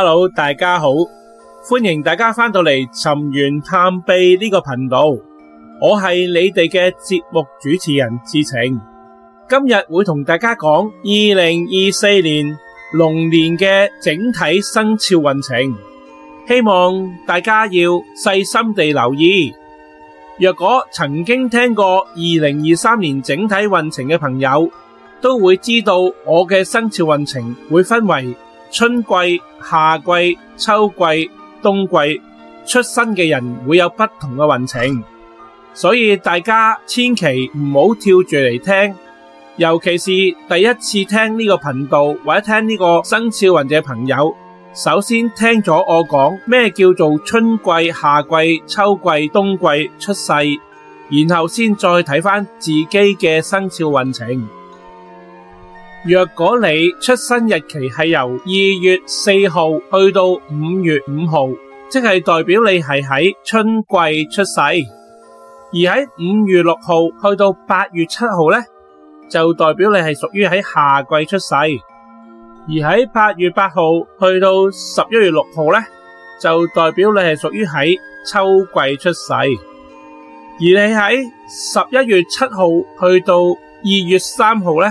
Hello，大家好，歡迎大家翻到嚟尋源探秘呢個頻道，我係你哋嘅節目主持人智澄，今日會同大家講二零二四年龍年嘅整體生肖運程，希望大家要細心地留意。若果曾經聽過二零二三年整體運程嘅朋友，都會知道我嘅生肖運程會分為，春季、夏季、秋季、冬季出生嘅人會有不同嘅運程，所以大家千祈唔好跳住嚟聽，尤其是第一次聽呢個頻道或者聽呢個生肖運嘅朋友，首先聽咗我講咩叫做春季、夏季、秋季、冬季出世，然後先再睇翻自己嘅生肖運程。若果你出生日期係由二月四號去到五月五號，即係代表你係喺春季出世；而喺五月六號去到八月七號咧，就代表你係屬於喺夏季出世；而喺八月八號去到十一月六號咧，就代表你係屬於喺秋季出世；而你喺十一月七號去到二月三號咧。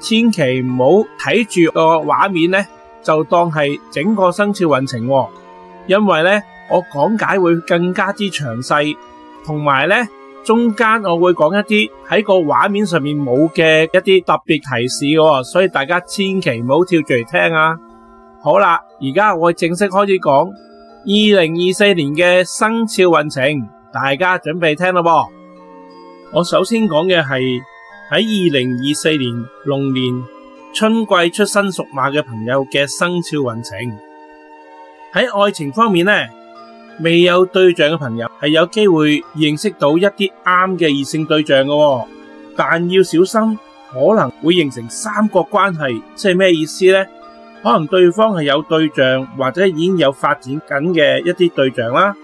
千祈唔好睇住個畫面咧，就當係整個生肖運程，因為咧我講解會更加之詳細，同埋咧中間我會講一啲喺個畫面上面冇嘅一啲特別提示嘅，所以大家千祈唔好跳住嚟聽啊！好啦，而家我正式開始講二零二四年嘅生肖運程，大家準備聽咯噃，我首先講嘅係。喺二零二四年龍年春季出生屬馬嘅朋友嘅生肖運程喺愛情方面咧，未有對象嘅朋友係有機會認識到一啲啱嘅異性對象嘅，但要小心可能會形成三角關係，即係咩意思咧？可能對方係有對象或者已經有發展緊嘅一啲對象啦。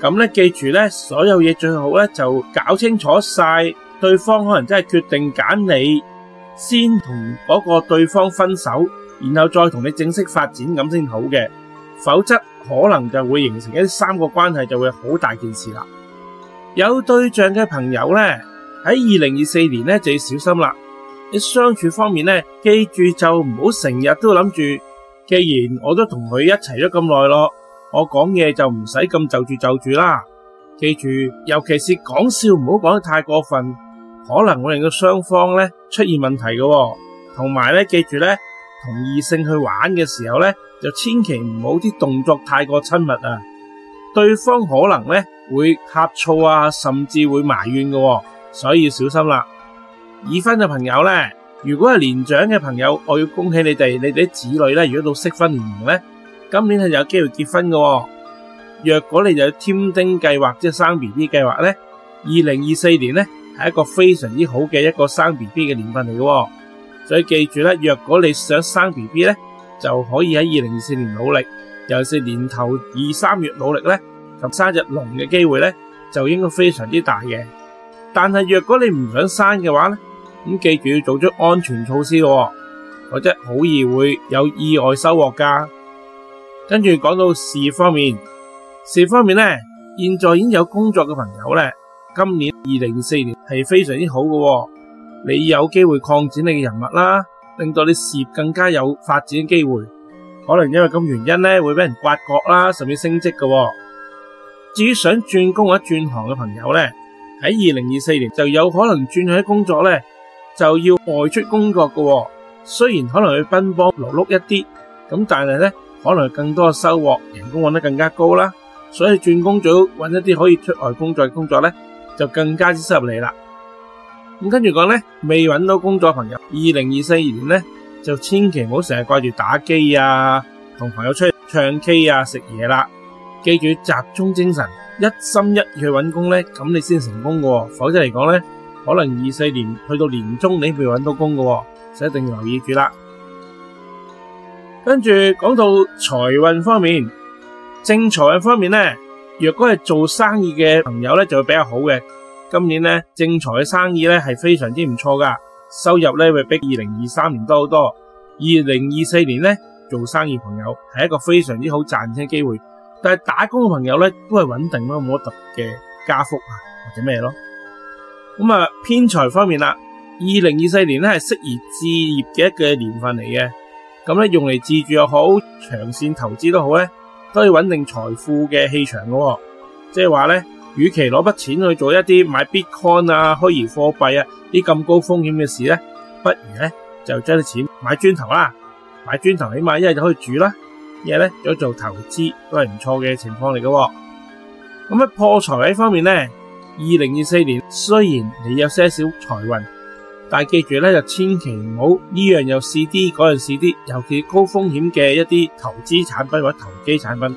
咁咧，記住咧，所有嘢最好咧就搞清楚晒。對方可能真係決定揀你，先同嗰個對方分手，然後再同你正式發展咁先好嘅，否則可能就會形成一啲三個關係就會好大件事啦。有對象嘅朋友呢，喺二零二四年呢就要小心啦。你相處方面呢，記住就唔好成日都諗住，既然我都同佢一齊咗咁耐咯，我講嘢就唔使咁就住就住啦。記住，尤其是講笑唔好講得太過分。可能我哋嘅雙方咧出現問題嘅、哦，同埋咧記住咧，同異性去玩嘅時候咧，就千祈唔好啲動作太過親密啊，對方可能咧會呷醋啊，甚至會埋怨嘅、哦，所以要小心啦。已婚嘅朋友咧，如果係年長嘅朋友，我要恭喜你哋，你哋啲子女咧，如果到適婚年齡咧，今年係有機會結婚嘅、哦。若果你就有添丁計劃，即係生 BB 計劃咧，二零二四年咧。係一個非常之好嘅一個生 BB 嘅年份嚟嘅，所以記住咧，若果你想生 BB 呢，就可以喺二零二四年努力，尤其是年頭二三月努力呢，就生隻龍嘅機會呢，就應該非常之大嘅。但係若果你唔想生嘅話呢，咁記住要做出安全措施咯，或者好易會有意外收穫㗎。跟住講到事業方面，事業方面呢，現在已經有工作嘅朋友呢。今年二零二四年係非常之好嘅，你有機會擴展你嘅人脈啦，令到你事業更加有發展嘅機會。可能因為咁原因咧，會俾人挖角啦，甚至升職嘅。至於想轉工或者轉行嘅朋友咧，喺二零二四年就有可能轉去工作咧，就要外出工作嘅。雖然可能去奔波勞碌一啲，咁但係咧可能更多嘅收穫，人工搵得更加高啦。所以轉工最好搵一啲可以出外工作嘅工作咧。就更加之適合你啦。咁跟住講咧，未搵到工作嘅朋友，二零二四年呢，就千祈唔好成日掛住打機啊，同朋友出去唱 K 啊，食嘢啦。記住集中精神，一心一意去搵工咧，咁你先成功㗎喎。否則嚟講呢，可能二四年去到年終你未搵到工㗎喎，就一定要留意住啦。跟住講到財運方面，正財運方面呢。若果係做生意嘅朋友咧，就會比較好嘅。今年咧，正財嘅生意咧係非常之唔錯噶，收入咧會比二零二三年多好多。二零二四年咧，做生意朋友係一個非常之好賺錢嘅機會，但係打工嘅朋友咧都係穩定咯，冇特別嘅加幅啊或者咩咯。咁啊，偏財方面啦，二零二四年咧係適宜置業嘅一個年份嚟嘅，咁咧用嚟自住又好，長線投資都好咧。都可以穩定財富嘅氣場嘅、哦，即係話呢，與其攞筆錢去做一啲買 Bitcoin 啊、虛擬貨幣啊啲咁高風險嘅事呢，不如呢就將啲錢買磚頭啦，買磚頭起碼一係就可以住啦，一係咧有做投資都係唔錯嘅情況嚟嘅。咁、嗯、喺破財呢方面呢，二零二四年雖然你有些少財運。但係記住咧，就千祈唔好呢樣又試啲，嗰樣試啲，尤其高風險嘅一啲投資產品或者投機產品，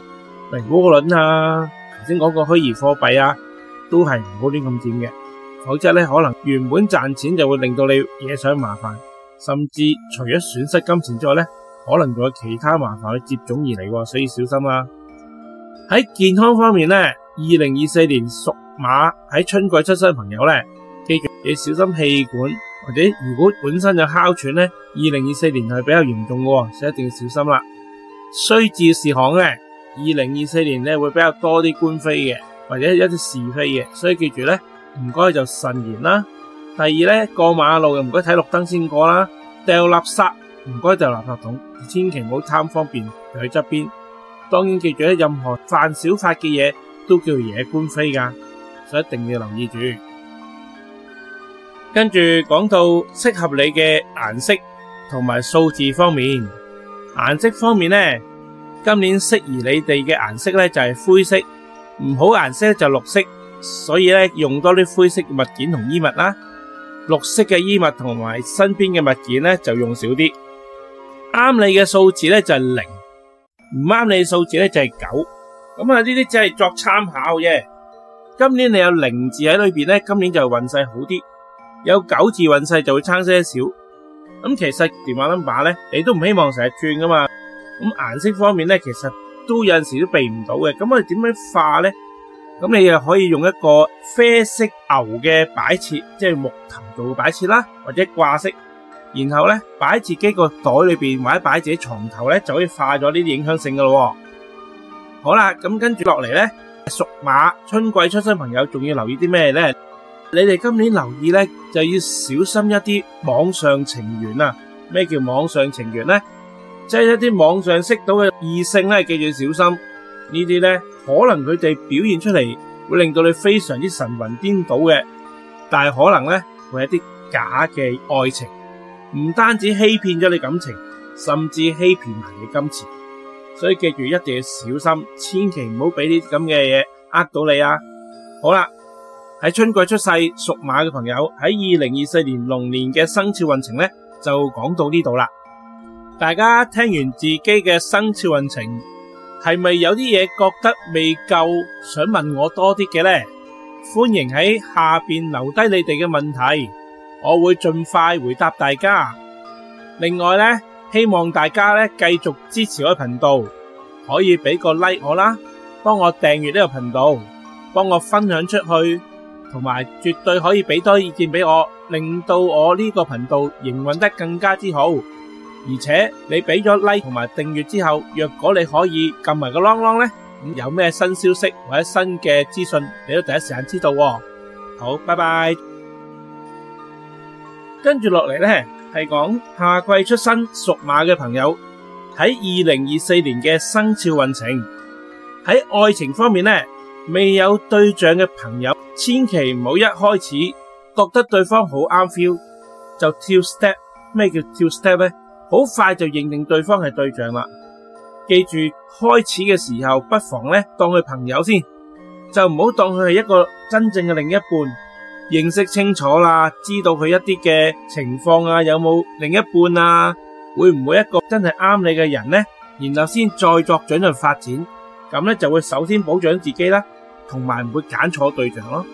例如窩輪啊，頭先講過虛擬貨幣啊，都係唔好亂咁點嘅。否則咧，可能原本賺錢就會令到你惹上麻煩，甚至除咗損失金錢之外咧，可能仲有其他麻煩去接踵而嚟，所以小心啦、啊。喺健康方面咧，二零二四年屬馬喺春季出生朋友咧，記住要小心氣管。或者如果本身就哮喘咧，二零二四年係比較嚴重嘅，所以一定要小心啦。需要注意事項嘅，二零二四年咧會比較多啲官非嘅，或者一啲是非嘅，所以記住咧，唔該就慎言啦。第二咧，過馬路又唔該睇綠燈先過啦。掉垃圾唔該就垃圾桶，千祈唔好貪方便就去側邊。當然記住咧，任何犯小法嘅嘢都叫惹官非噶，所以一定要留意住。跟住講到適合你嘅顏色同埋數字方面，顏色方面呢，今年適宜你哋嘅顏色呢就係灰色，唔好顏色就綠色，所以呢用多啲灰色物件同衣物啦，綠色嘅衣物同埋身邊嘅物件呢就用少啲。啱你嘅數字呢就係零，唔啱你數字呢就係九。咁啊呢啲只係作參考嘅。今年你有零字喺裏面呢，今年就運勢好啲。有九字運勢就會差些少，咁其實電話 number 咧，你都唔希望成日轉噶嘛。咁顏色方面咧，其實都有時都避唔到嘅。咁我哋點樣化咧？咁你又可以用一個啡色牛嘅擺設，即係木頭做嘅擺設啦，或者掛飾，然後咧擺喺自己個袋裏邊，或者擺喺自己床頭咧，就可以化咗呢啲影響性噶咯。好啦，咁跟住落嚟咧，屬馬春季出生朋友仲要留意啲咩咧？你哋今年留意咧，就要小心一啲網上情緣啊！咩叫網上情緣咧？即係一啲網上識到嘅異性咧，記住小心呢啲咧，可能佢哋表現出嚟會令到你非常之神魂顛倒嘅，但係可能咧會有啲假嘅愛情，唔單止欺騙咗你感情，甚至欺騙埋你金錢，所以記住一定要小心，千祈唔好俾啲咁嘅嘢呃到你啊！好啦。喺春季出世，屬馬嘅朋友喺二零二四年龍年嘅生肖運程咧，就講到呢度啦。大家聽完自己嘅生肖運程，係咪有啲嘢覺得未夠，想問我多啲嘅咧？歡迎喺下邊留低你哋嘅問題，我會盡快回答大家。另外咧，希望大家咧繼續支持我嘅頻道，可以俾個 like 我啦，幫我訂閱呢個頻道，幫我分享出去。同埋絕對可以俾多意見俾我，令到我呢個頻道營運得更加之好。而且你畀咗 like 同埋訂閱之後，若果你可以撳埋個 long long 咧，噉有咩新消息或者新嘅資訊，你都第一時間知道哦。好，拜拜。跟住落嚟咧，係講夏季出生屬馬嘅朋友喺二零二四年嘅生肖運程喺愛情方面咧。未有對象嘅朋友，千祈唔好一開始覺得對方好啱 feel 就跳 step。咩叫跳 step 呢？好快就認定對方係對象啦。記住，開始嘅時候不妨咧當佢朋友先，就唔好當佢係一個真正嘅另一半。認識清楚啦，知道佢一啲嘅情況啊，有冇另一半啊，會唔會一個真係啱你嘅人呢？然後先再作進一步發展，咁咧就會首先保障自己啦。同埋唔會揀錯對象咯，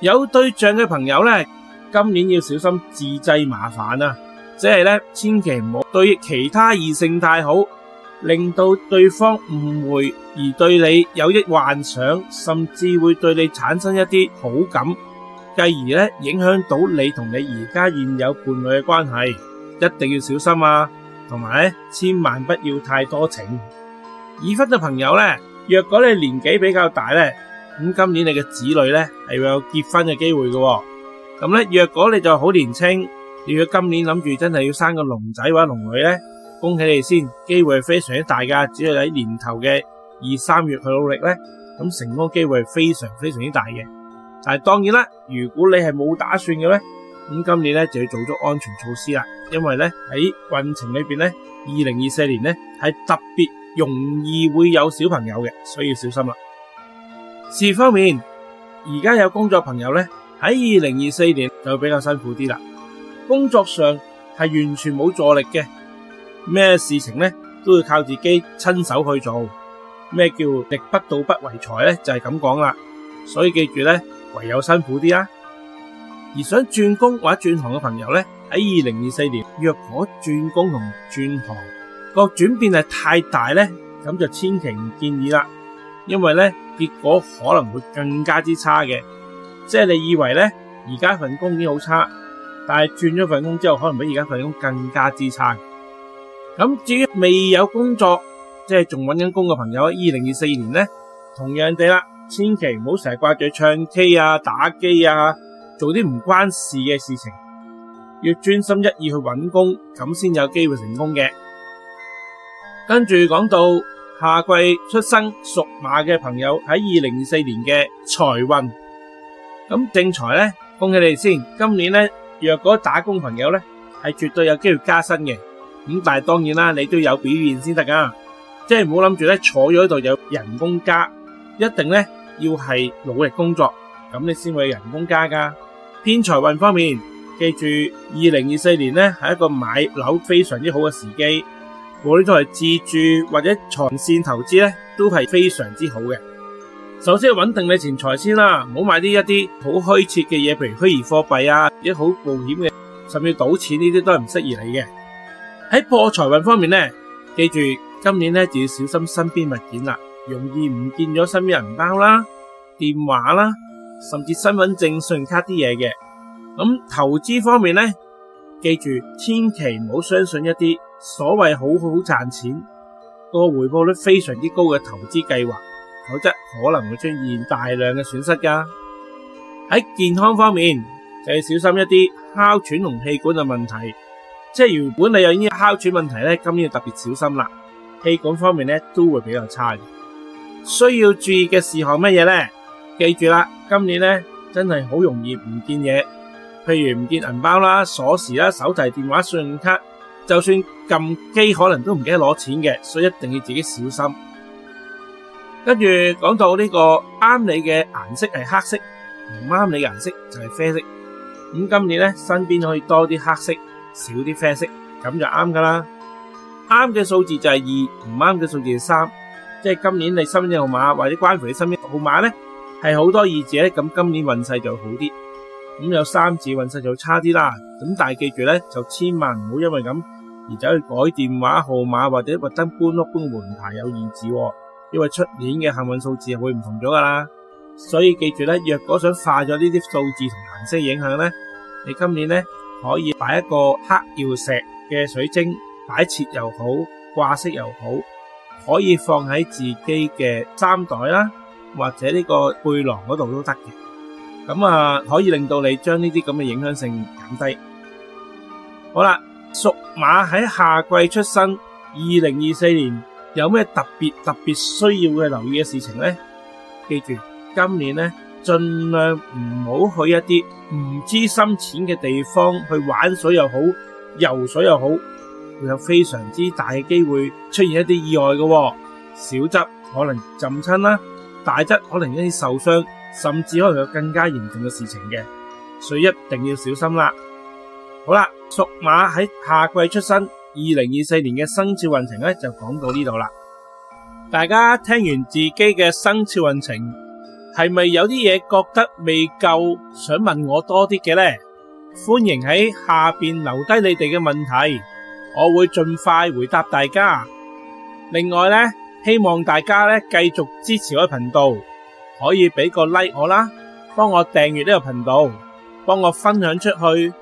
有對象嘅朋友呢，今年要小心自製麻煩啊！即係呢，千祈唔好對其他異性太好，令到對方誤會而對你有益幻想，甚至會對你產生一啲好感，繼而呢，影響到你同你而家現有伴侶嘅關係，一定要小心啊！同埋呢，千萬不要太多情。已婚嘅朋友呢，若果你年紀比較大咧，咁今年你嘅子女咧係會有結婚嘅機會嘅。咁、嗯、咧，若果你就好年輕，如果今年諗住真係要生個龍仔或者龍女咧，恭喜你先，機會非常之大噶。只要喺年頭嘅二三月去努力咧，咁成功機會非常非常之大嘅。但係當然啦，如果你係冇打算嘅咧，咁今年咧就要做足安全措施啦，因為咧喺運程裏邊咧，二零二四年咧喺特別。容易會有小朋友嘅，所以要小心啦。事業方面，而家有工作朋友咧，喺二零二四年就比較辛苦啲啦。工作上係完全冇助力嘅，咩事情咧都要靠自己親手去做。咩叫力不到不為財咧？就係咁講啦。所以記住咧，唯有辛苦啲啊。而想轉工或者轉行嘅朋友咧，喺二零二四年若果轉工同轉行個轉變係太大咧，咁就千祈唔建議啦，因為咧結果可能會更加之差嘅。即係你以為咧，而家份工已經好差，但係轉咗份工之後，可能比而家份工更加之差。咁至於未有工作，即係仲揾緊工嘅朋友，喺二零二四年咧同樣地啦，千祈唔好成日掛住唱 K 啊、打機啊，做啲唔關事嘅事情，要專心一意去揾工，咁先有機會成功嘅。跟住講到夏季出生屬馬嘅朋友喺二零二四年嘅財運，咁正財咧，恭喜你哋先。今年咧，若果打工朋友咧係絕對有機會加薪嘅，咁但係當然啦，你都有表現先得噶，即係唔好諗住咧坐咗喺度有人工加，一定咧要係努力工作，咁你先會有人工加噶。偏財運方面，記住二零二四年咧係一個買樓非常之好嘅時機。我無論係自住或者長線投資咧，都係非常之好嘅。首先係穩定你錢財先啦，唔好買啲一啲好虛設嘅嘢，譬如虛擬貨幣啊，一啲好冒險嘅，甚至賭錢呢啲都係唔適宜你嘅。喺破財運方面咧，記住今年咧就要小心身邊物件啦，容易唔見咗身邊銀包啦、啊、電話啦、啊，甚至身份證、信用卡啲嘢嘅。咁投資方面咧，記住千祈唔好相信一啲。所謂好好賺錢個回報率非常之高嘅投資計劃，否則可能會出現大量嘅損失㗎。喺健康方面就要小心一啲哮喘同氣管嘅問題，即係如果你有呢啲哮喘問題咧，今年要特別小心啦。氣管方面咧都會比較差，需要注意嘅事項乜嘢咧？記住啦，今年咧真係好容易唔見嘢，譬如唔見銀包啦、鎖匙啦、手提電話、信用卡。就算撳機可能都唔記得攞錢嘅，所以一定要自己小心。跟住講到呢個啱你嘅顏色係黑色，唔啱你嘅顏色就係啡色。咁今年咧，身邊可以多啲黑色，少啲啡色，咁就啱噶啦。啱嘅數字就係二，唔啱嘅數字係三。即係今年你身份證號碼或者關乎你身邊號碼咧，係好多二字咧，咁今年運勢就好啲。咁有三字運勢就差啲啦。咁但係記住咧，就千萬唔好因為咁。而走去改電話號碼或者特登搬屋搬門牌有意思，因為出年嘅幸運數字會唔同咗噶啦。所以記住咧，若果想化咗呢啲數字同顏色影響咧，你今年咧可以擺一個黑曜石嘅水晶擺設又好，掛飾又好，可以放喺自己嘅衫袋啦，或者呢個背囊嗰度都得嘅。咁啊，可以令到你將呢啲咁嘅影響性減低。好啦。屬馬喺夏季出生，二零二四年有咩特別特別需要嘅留意嘅事情呢？記住，今年呢，盡量唔好去一啲唔知深淺嘅地方去玩水又好，游水又好，會有非常之大嘅機會出現一啲意外㗎喎，小則可能浸親啦，大則可能一啲受傷，甚至可能有更加嚴重嘅事情嘅，所以一定要小心啦。好啦，屬馬喺夏季出生，二零二四年嘅生肖運程咧，就講到呢度啦。大家聽完自己嘅生肖運程，係咪有啲嘢覺得未夠，想問我多啲嘅咧？歡迎喺下邊留低你哋嘅問題，我會盡快回答大家。另外咧，希望大家咧繼續支持我嘅頻道，可以俾個 like 我啦，幫我訂閱呢個頻道，幫我分享出去。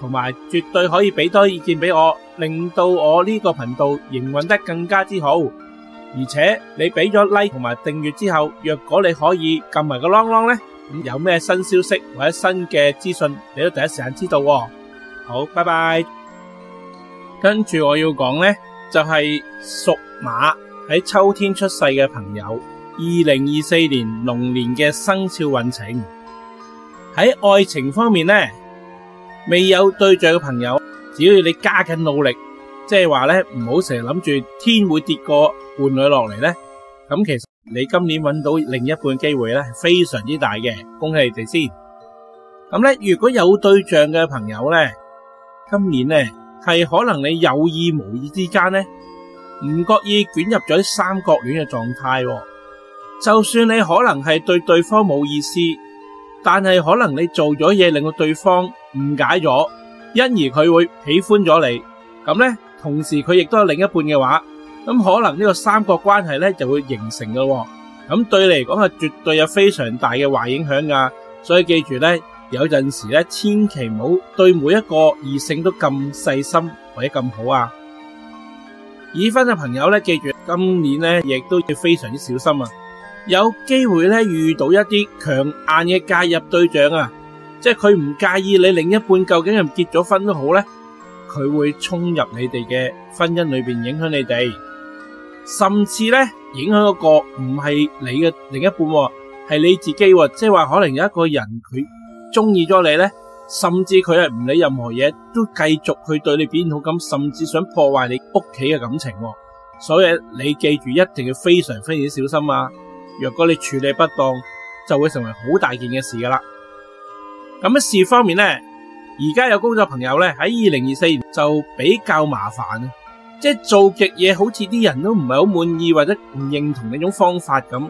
同埋絕對可以畀多意見畀我，令到我呢個頻道營運得更加之好。而且你畀咗 like 同埋訂閱之後，若果你可以撳埋個 long long 咧，咁有咩新消息或者新嘅資訊，你都第一時間知道哦。好，拜拜。跟住我要講咧，就係屬馬喺秋天出世嘅朋友，二零二四年龍年嘅生肖運程喺愛情方面咧。未有對象嘅朋友，只要你加緊努力，即係話咧，唔好成日諗住天會跌個伴侶落嚟咧。咁其實你今年搵到另一半嘅機會咧，係非常之大嘅。恭喜你哋先。咁咧，如果有對象嘅朋友咧，今年咧係可能你有意無意之間咧，唔覺意捲入咗啲三角戀嘅狀態。就算你可能係對對方冇意思，但係可能你做咗嘢令到對方，誤解咗，因而佢會喜歡咗你，咁咧，同時佢亦都有另一半嘅話，咁可能呢個三角關係咧就會形成噶，咁對你嚟講係絕對有非常大嘅壞影響噶，所以記住咧，有陣時咧，千祈唔好對每一個異性都咁細心或者咁好啊。已婚嘅朋友咧，記住今年咧亦都要非常之小心啊，有機會咧遇到一啲強硬嘅介入對象啊。即係佢唔介意你另一半究竟係唔結咗婚都好咧，佢會衝入你哋嘅婚姻裏邊影響你哋，甚至咧影響嗰個唔係你嘅另一半，係你自己，即係話可能有一個人佢中意咗你咧，甚至佢係唔理任何嘢都繼續去對你表現好咁，甚至想破壞你屋企嘅感情。所以你記住一定要非常非常小心啊！若果你處理不當，就會成為好大件嘅事噶啦。咁喺事業方面咧，而家有工作朋友咧喺二零二四年就比較麻煩，即係做極嘢，好似啲人都唔係好滿意或者唔認同呢種方法咁，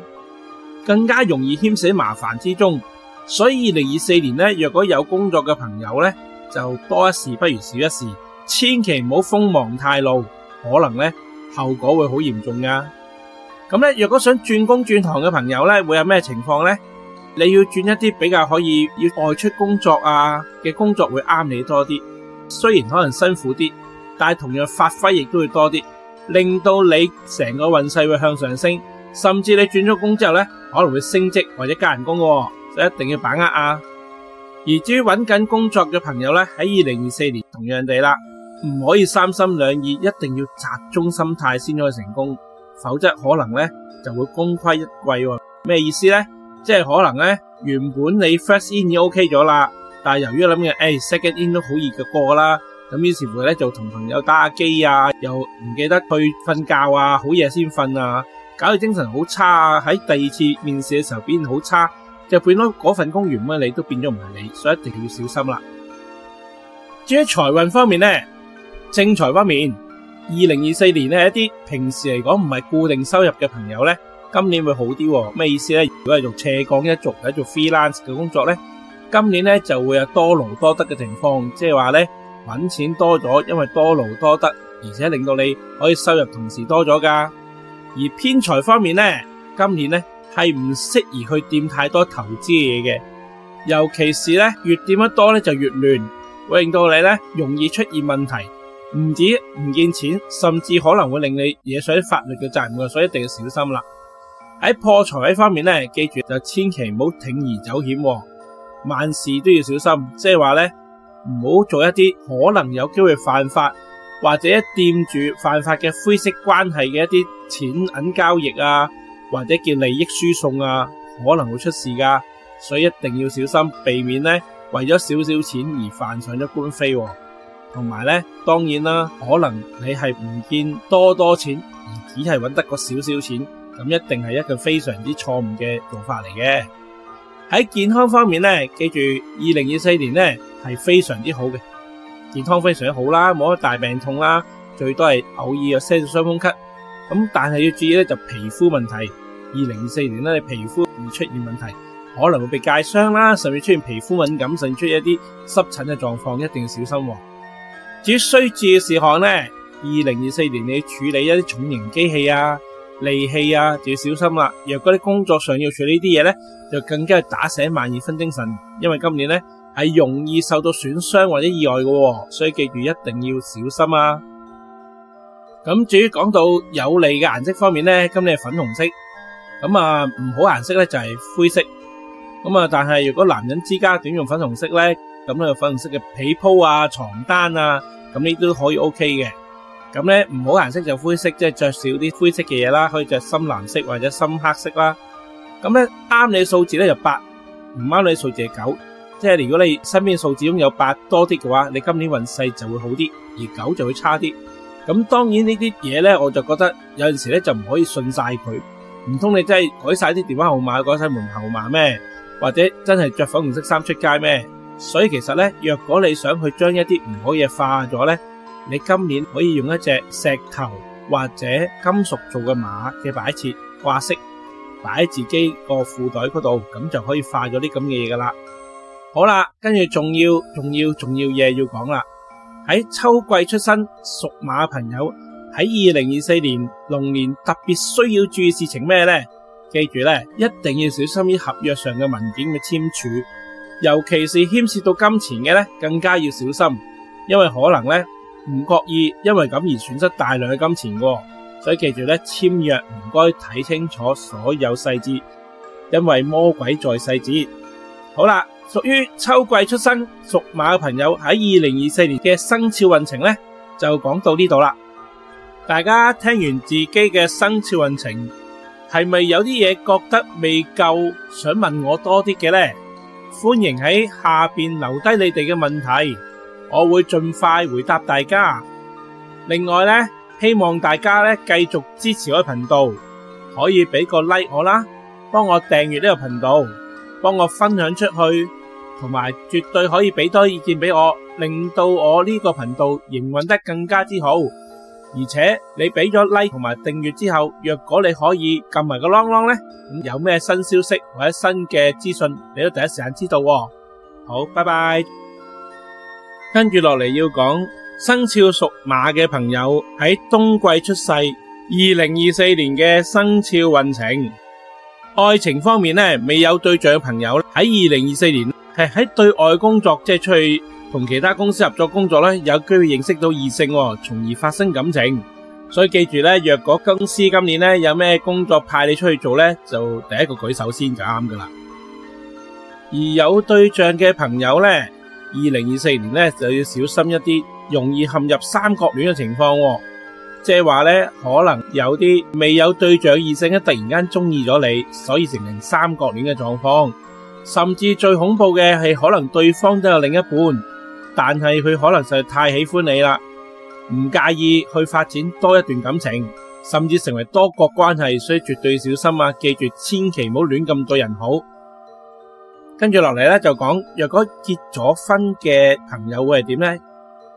更加容易牽涉麻煩之中。所以二零二四年咧，若果有工作嘅朋友咧，就多一事不如少一事，千祈唔好鋒芒太露，可能咧後果會好嚴重噶啊。咁咧，若果想轉工轉行嘅朋友咧，會有咩情況咧？你要轉一啲比較可以要外出工作啊，嘅工作會啱你多啲，雖然可能辛苦啲，但係同樣發揮亦都會多啲，令到你成個運勢會向上升，甚至你轉咗工之後咧，可能會升職或者加人工喎，就一定要把握啊！而至於搵緊工作嘅朋友咧，喺二零二四年同樣地啦，唔可以三心兩意，一定要集中心態先可以成功，否則可能咧就會功虧一簣喎。咩意思咧？即係可能咧，原本你 first in 已經 OK 咗啦，但係由於諗嘅，誒 second in 都好易嘅過啦，咁於是乎咧就同朋友打下機啊，又唔記得去瞓覺啊，好夜先瞓啊，搞到精神好差啊，喺第二次面試嘅時候表現好差，就變咗嗰份工原本你都變咗唔係你，所以一定要小心啦。至於財運方面咧，正財方面，二零二四年咧，一啲平時嚟講唔係固定收入嘅朋友咧。今年會好啲喎，咩意思呢？如果係做斜槓一族，或者做 freelance 嘅工作呢，今年呢就會有多勞多得嘅情況，即係話呢揾錢多咗，因為多勞多得，而且令到你可以收入同時多咗噶。而偏財方面呢，今年呢係唔適宜去掂太多投資嘢嘅，尤其是呢越掂得多呢就越亂，會令到你呢容易出現問題，唔止唔見錢，甚至可能會令你惹上法律嘅責任噶，所以一定要小心啦。喺破財位方面咧，記住就千祈唔好鋌而走險，哦，萬事都要小心。即係話咧，唔好做一啲可能有機會犯法或者掂住犯法嘅灰色關係嘅一啲錢銀交易啊，或者叫利益輸送啊，可能會出事噶。所以一定要小心，避免咧為咗少少錢而犯上咗官非，哦。同埋咧，當然啦，可能你係唔見多多錢，而只係揾得個少少錢。咁一定係一個非常之錯誤嘅做法嚟嘅。喺健康方面呢，記住二零二四年呢係非常之好嘅，健康非常好啦，冇乜大病痛啦，最多係偶爾有些少傷風咳。咁但係要注意咧，就是皮膚問題。二零二四年呢，你皮膚易出現問題，可能會被晒傷啦，甚至出現皮膚敏感，甚至出一啲濕疹嘅狀況，一定要小心啊。至於需要注意的事項呢，二零二四年你要處理一啲重型機器啊。利器啊，就要小心啦！若果你工作上要處理呢啲嘢咧，就更加係打醒萬二分精神，因為今年咧係容易受到損傷或者意外嘅，所以記住一定要小心啊！咁至於講到有利嘅顏色方面咧，今年係粉紅色，咁啊唔好顏色咧就係灰色。咁啊，但係如果男人之家點用粉紅色咧，咁咧粉紅色嘅被鋪啊、床單啊，咁呢都可以 OK 嘅。咁咧唔好顏色就灰色，即係着少啲灰色嘅嘢啦，可以着深藍色或者深黑色啦。咁咧啱你數字咧就八，唔啱你數字就九。即係如果你身邊數字擁有八多啲嘅話，你今年運勢就會好啲，而九就會差啲。咁當然呢啲嘢咧，我就覺得有陣時咧就唔可以信晒佢，唔通你真係改晒啲電話號碼，改晒門號碼咩？或者真係着粉紅色衫出街咩？所以其實咧，若果你想去將一啲唔好嘢化咗咧。你今年可以用一隻石頭或者金屬做嘅馬嘅擺設掛飾，擺喺自己個褲袋嗰度，咁就可以化咗啲咁嘅嘢噶啦。好啦，跟住仲要仲要仲要嘢要講啦。喺秋季出生屬馬嘅朋友喺二零二四年龍年特別需要注意事情咩咧？記住咧，一定要小心於合約上嘅文件嘅簽署，尤其是牽涉到金錢嘅咧，更加要小心，因為可能咧。唔覺意，因為咁而損失大量嘅金錢噶，所以記住咧，簽約唔該睇清楚所有細節，因為魔鬼在細節。好啦，屬於秋季出生屬馬嘅朋友喺二零二四年嘅生肖運程咧，就講到呢度啦。大家聽完自己嘅生肖運程，係咪有啲嘢覺得未夠？想問我多啲嘅呢？歡迎喺下邊留低你哋嘅問題。我會盡快回答大家。另外咧，希望大家咧繼續支持我頻道，可以俾個 like 我啦，幫我訂閱呢個頻道，幫我分享出去，同埋絕對可以俾多意見俾我，令到我呢個頻道營運得更加之好。而且你俾咗 like 同埋訂閱之後，若果你可以撳埋個 long long 咧，咁有咩新消息或者新嘅資訊，你都第一時間知道。好，拜拜。跟住落嚟要講生肖屬馬嘅朋友喺冬季出世，二零二四年嘅生肖運程。愛情方面咧，未有對象嘅朋友喺二零二四年係喺對外工作，即係出去同其他公司合作工作咧，有機會認識到異性，從而發生感情。所以記住咧，若果公司今年咧有咩工作派你出去做咧，就第一個舉手先就啱噶啦。而有對象嘅朋友咧。二零二四年呢，就要小心一啲，容易陷入三角戀嘅情況啊。即係話呢，可能有啲未有對象異性突然間中意咗你，所以形成，成三角戀嘅狀況。甚至最恐怖嘅係，可能對方都有另一半，但係佢可能就太喜歡你啦，唔介意去發展多一段感情，甚至成為多角關係，所以絕對小心啊！記住，千祈唔好亂咁對人好。跟住落嚟咧，就講若果結咗婚嘅朋友會係點咧？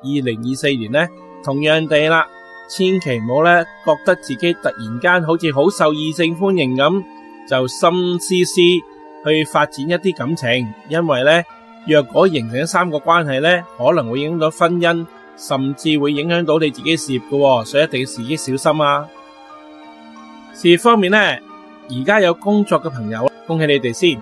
二零二四年咧，同樣地啦，千祈唔好咧覺得自己突然間好似好受異性歡迎咁，就心思思去發展一啲感情，因為咧若果形成咗三角關係咧，可能會影響到婚姻，甚至會影響到你自己事業㗎，所以一定要自己小心啊！事業方面咧，而家有工作嘅朋友，恭喜你哋先。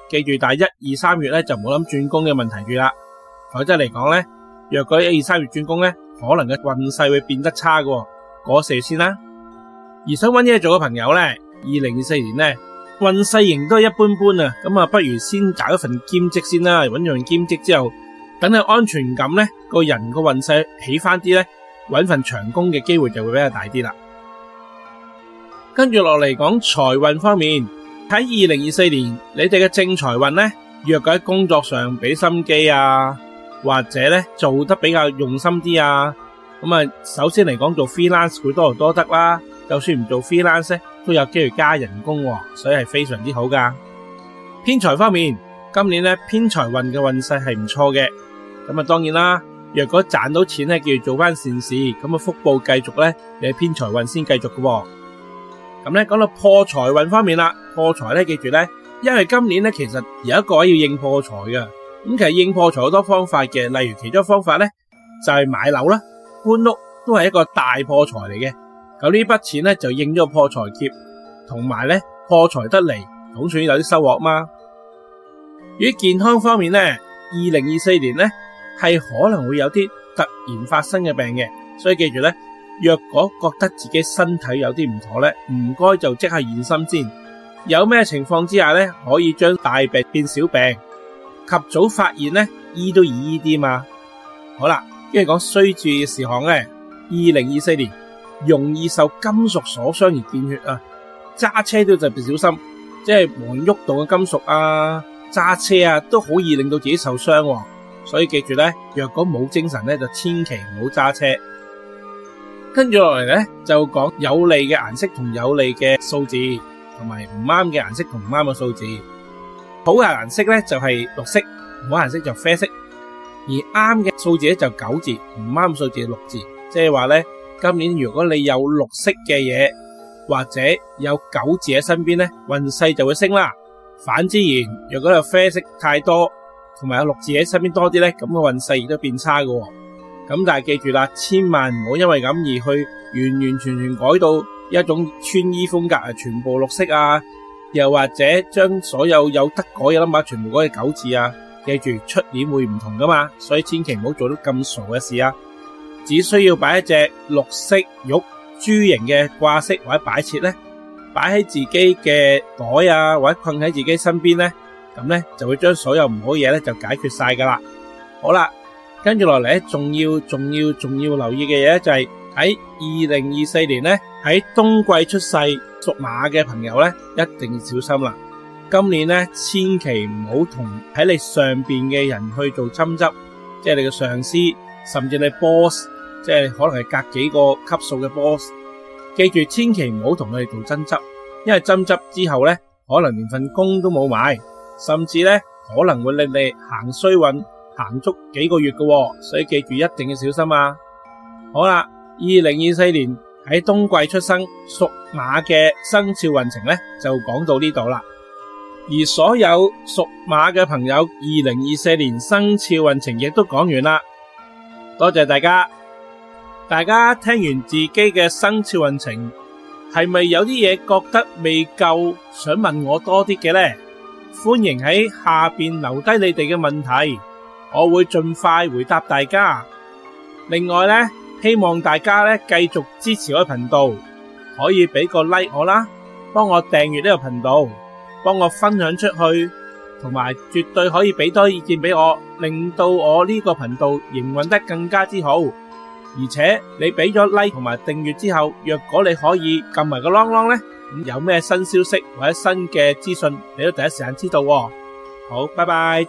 記住，但一二三月咧就唔好諗轉工嘅問題住啦。否則嚟講咧，若果一二三月轉工咧，可能嘅運勢會變得差嘅。嗰四月先啦。而想揾嘢做嘅朋友咧，二零二四年咧運勢仍都係一般般啊。咁啊，不如先找一份兼職先啦，揾樣兼職之後，等下安全感咧，個人個運勢起翻啲咧，揾份長工嘅機會就會比較大啲啦。跟住落嚟講財運方面。喺二零二四年，你哋嘅正財運呢？若果喺工作上俾心機啊，或者呢做得比較用心啲啊，咁啊，首先嚟講做 freelance 會多勞多，多得啦。就算唔做 freelance，都有機會加人工，所以係非常之好噶。偏財方面，今年呢偏財運嘅運勢係唔錯嘅。咁啊，當然啦，若果賺到錢呢，叫做做翻善事，咁啊，福報繼續呢，你係偏財運先繼續噶。咁咧講到破財運方面啦，破財咧記住咧，因為今年咧其實有一個要應破財嘅，咁其實應破財好多方法嘅，例如其中方法咧就係買樓啦，搬屋都係一個大破財嚟嘅，咁呢筆錢咧就應咗破財劫，同埋咧破財得嚟，總算有啲收穫嘛。於健康方面咧，二零二四年咧係可能會有啲突然發生嘅病嘅，所以記住咧。若果覺得自己身體有啲唔妥咧，唔該就即刻驗身先。有咩情況之下咧，可以將大病變小病，及早發現咧，醫都易醫啲嘛。好啦，跟住講需注意嘅事項咧。二零二四年容易受金屬所傷而見血啊，揸車都要特別小心，即係忙喐動嘅金屬啊，揸車啊都可以令到自己受傷，哦，所以記住咧，若果冇精神咧，就千祈唔好揸車。跟住落嚟咧，就講有利嘅顏色同有利嘅數字，同埋唔啱嘅顏色同唔啱嘅數字。好嘅顏色咧就係綠色，唔好顏色就啡色。而啱嘅數字咧就九字，唔啱數字六字。即係話咧，今年如果你有綠色嘅嘢，或者有九字喺身邊咧，運勢就會升啦。反之言，若果有啡色太多，同埋有六字喺身邊多啲咧，咁個運勢亦都變差㗎喎。咁但係記住啦，千萬唔好因為咁而去完完全全改到一種穿衣風格啊，全部綠色啊，又或者將所有有得改嘅嘢咧，全部改成九字啊。記住出年會唔同噶嘛，所以千祈唔好做到咁傻嘅事啊。只需要擺一隻綠色玉豬形嘅掛飾或者擺設咧，擺喺自己嘅袋啊，或者困喺自己身邊咧，咁咧就會將所有唔好嘢咧就解決晒噶啦。好啦。跟住落嚟咧，仲要仲要仲要留意嘅嘢就係喺二零二四年咧，喺冬季出世屬馬嘅朋友咧，一定要小心啦。今年咧，千祈唔好同喺你上邊嘅人去做爭執，即係你嘅上司，甚至你 boss，即係可能係隔幾個級數嘅 boss。記住，千祈唔好同佢哋做爭執，因為爭執之後咧，可能連份工都冇埋，甚至咧，可能會令你行衰運。行足幾個月嘅，所以記住一定要小心啊！好啦，二零二四年喺冬季出生屬馬嘅生肖運程咧，就講到呢度啦。而所有屬馬嘅朋友，二零二四年生肖運程亦都講完啦。多謝大家，大家聽完自己嘅生肖運程，係咪有啲嘢覺得未夠，想問我多啲嘅呢？歡迎喺下邊留低你哋嘅問題。我會盡快回答大家。另外呢，希望大家呢繼續支持我嘅頻道，可以俾個 like 我啦，幫我訂閱呢個頻道，幫我分享出去，同埋絕對可以俾多意見俾我，令到我呢個頻道營運得更加之好。而且你俾咗 like 同埋訂閱之後，若果你可以撳埋個啷啷呢，咁有咩新消息或者新嘅資訊，你都第一時間知道。好，拜拜。